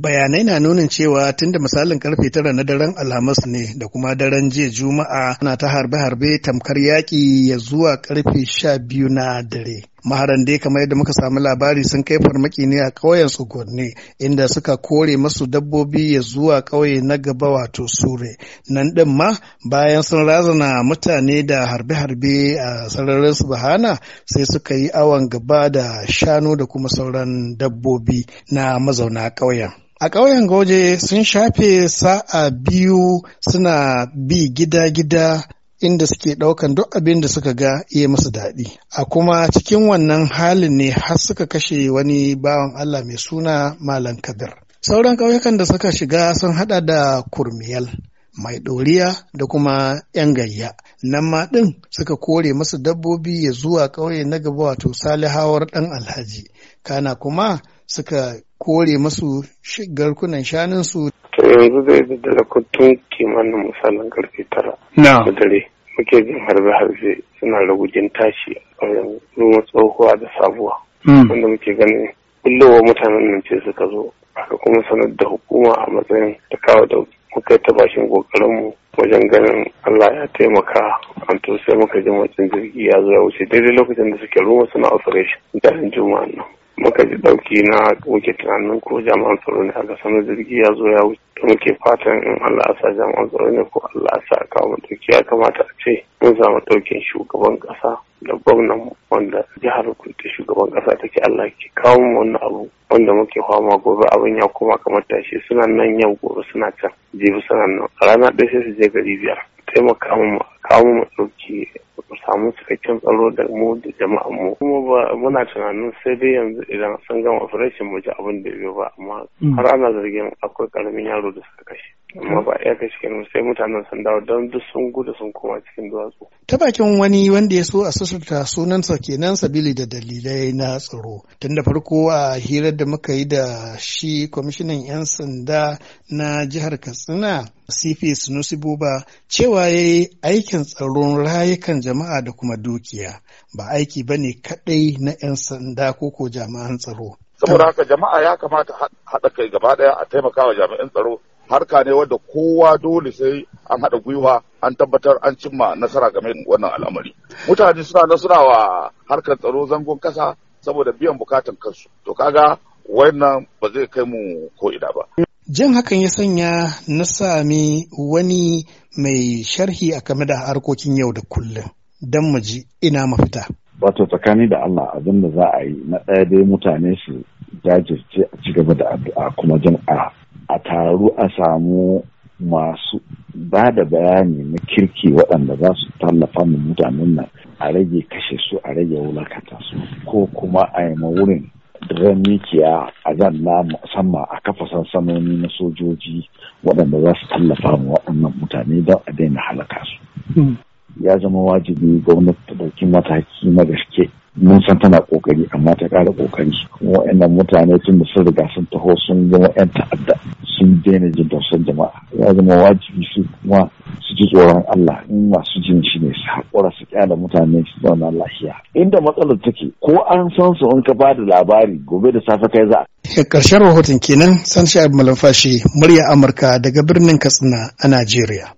Bayanai na nunin cewa tun da misalin karfe tara na daren Alhamis ne da kuma daren jiya Juma'a na ta harbe-harbe tamkar yaƙi ya zuwa karfe sha biyu na dare. maharan dai kamar yadda muka samu labari sun kai farmaki ne a ƙauyen tsugunne inda suka kore masu dabbobi ya zuwa ƙauye na gaba wato sure nan ɗin ma bayan sun razana mutane da harbe-harbe a sararin su bahana sai suka yi awon gaba da shanu da kuma sauran dabbobi na mazauna ƙauyen A ƙauyen Goje sun shafe sa'a biyu suna bi gida-gida inda suke ɗaukan duk abin da suka ga iya musu daɗi. A kuma cikin wannan halin ne har suka kashe wani bawan Allah mai suna Malam Kabir. Sauran ƙauyukan da suka shiga sun haɗa da Kurmiyal, Mai Ɗoriya da kuma 'yan gayya. Nan ma ɗin suka kore masu dabbobi ya zuwa ƙauye na gaba wato Salihawar ɗan Alhaji. Kana kuma suka kore masu garkunan shanunsu. To yanzu zai da dalakutun kimanin misalin karfe tara. Na. dare muke jin harbe-harbe suna ragujin tashi a ruwan tsohuwa da sabuwa. Hmm. Wanda muke ganin bullowa mutanen nan ce suka zo aka kuma sanar da hukuma a matsayin ta kawo da muka ta bashin mu wajen ganin Allah ya taimaka an to sai muka ji matsin jirgi ya zo ya wuce daidai lokacin da suke ruwa suna operation jihar juma'an nan. muka ji dauki na wuke tunanin ko jami'an tsaro ne aka sanar jirgi ya zo ya wuce muke fatan in Allah sa jami'an tsaro ne ko Allah sa kawo dauki ya kamata a ce mun samu daukin shugaban kasa da gwamnan wanda jihar kudu shugaban kasa take Allah ke kawo mu wannan abu wanda muke fama gobe abin ya koma kamar tashi suna nan yau gobe suna can jibi suna nan rana ɗaya sai su je gari biyar taimaka mu kawo mu dauki samu cikakken tsaro da mu da jama'an mu kuma ba muna tunanin sai dai yanzu idan sun gama operation mu ji abin da ya ba amma mm. har ana zargin akwai karamin yaro da suka kashe amma ba iya cikin sai mutanen sun dawo don duk sun gudu sun koma cikin duwatsu. ta bakin wani wanda ya so a sassauta sunansa kenan sabili da dalilai na tsaro tun da farko a hirar da muka yi da shi kwamishinan 'yan sanda na jihar katsina cp sunusi buba cewa ya yi aikin tsaron rayukan jama'a da kuma dukiya ba aiki ba ne kaɗai na 'yan sanda ko ko jami'an tsaro saboda haka jama'a ya kamata haɗa kai gaba ɗaya a taimakawa jami'an tsaro harka ne wadda kowa dole sai an haɗa gwiwa an tabbatar an cimma nasara game wannan al'amari mutane suna nasara wa harkar tsaro zangon kasa saboda biyan bukatan kansu to kaga wannan ba zai kai mu ko ina ba Jan hakan ya sanya na sami wani mai sharhi a game da harkokin yau da kullum don mu ji ina mafita. Wato tsakani da Allah abin da za a yi na ɗaya dai mutane su jajirce a ci gaba da addu'a kuma jan taru a samu masu ba da bayani na kirki waɗanda za su tallafa mu mutanen nan a rage kashe su a rage wulakata su ko kuma a yi wurin mikiya a zanna musamman a kafa sansanoni na sojoji waɗanda za su tallafa mu waɗannan mutane don a daina halaka su. Hmm. Ya zama wajibi gwamnati ta ɗauki mataki na gaske mun san tana kokari amma ta ƙara kokari wa'annan mutane tun da sun riga sun taho sun yi 'yan ta'adda sun daina jin tausayin jama'a ya zama wajibi su kuma su ji tsoron Allah in masu jin shi ne su haƙura su kyala mutane su zauna lafiya inda matsalar take ko an san su in ka ba da labari gobe da safe kai za a ƙarshen rahoton kenan san sha'ib malamfashi murya amurka daga birnin katsina a najeriya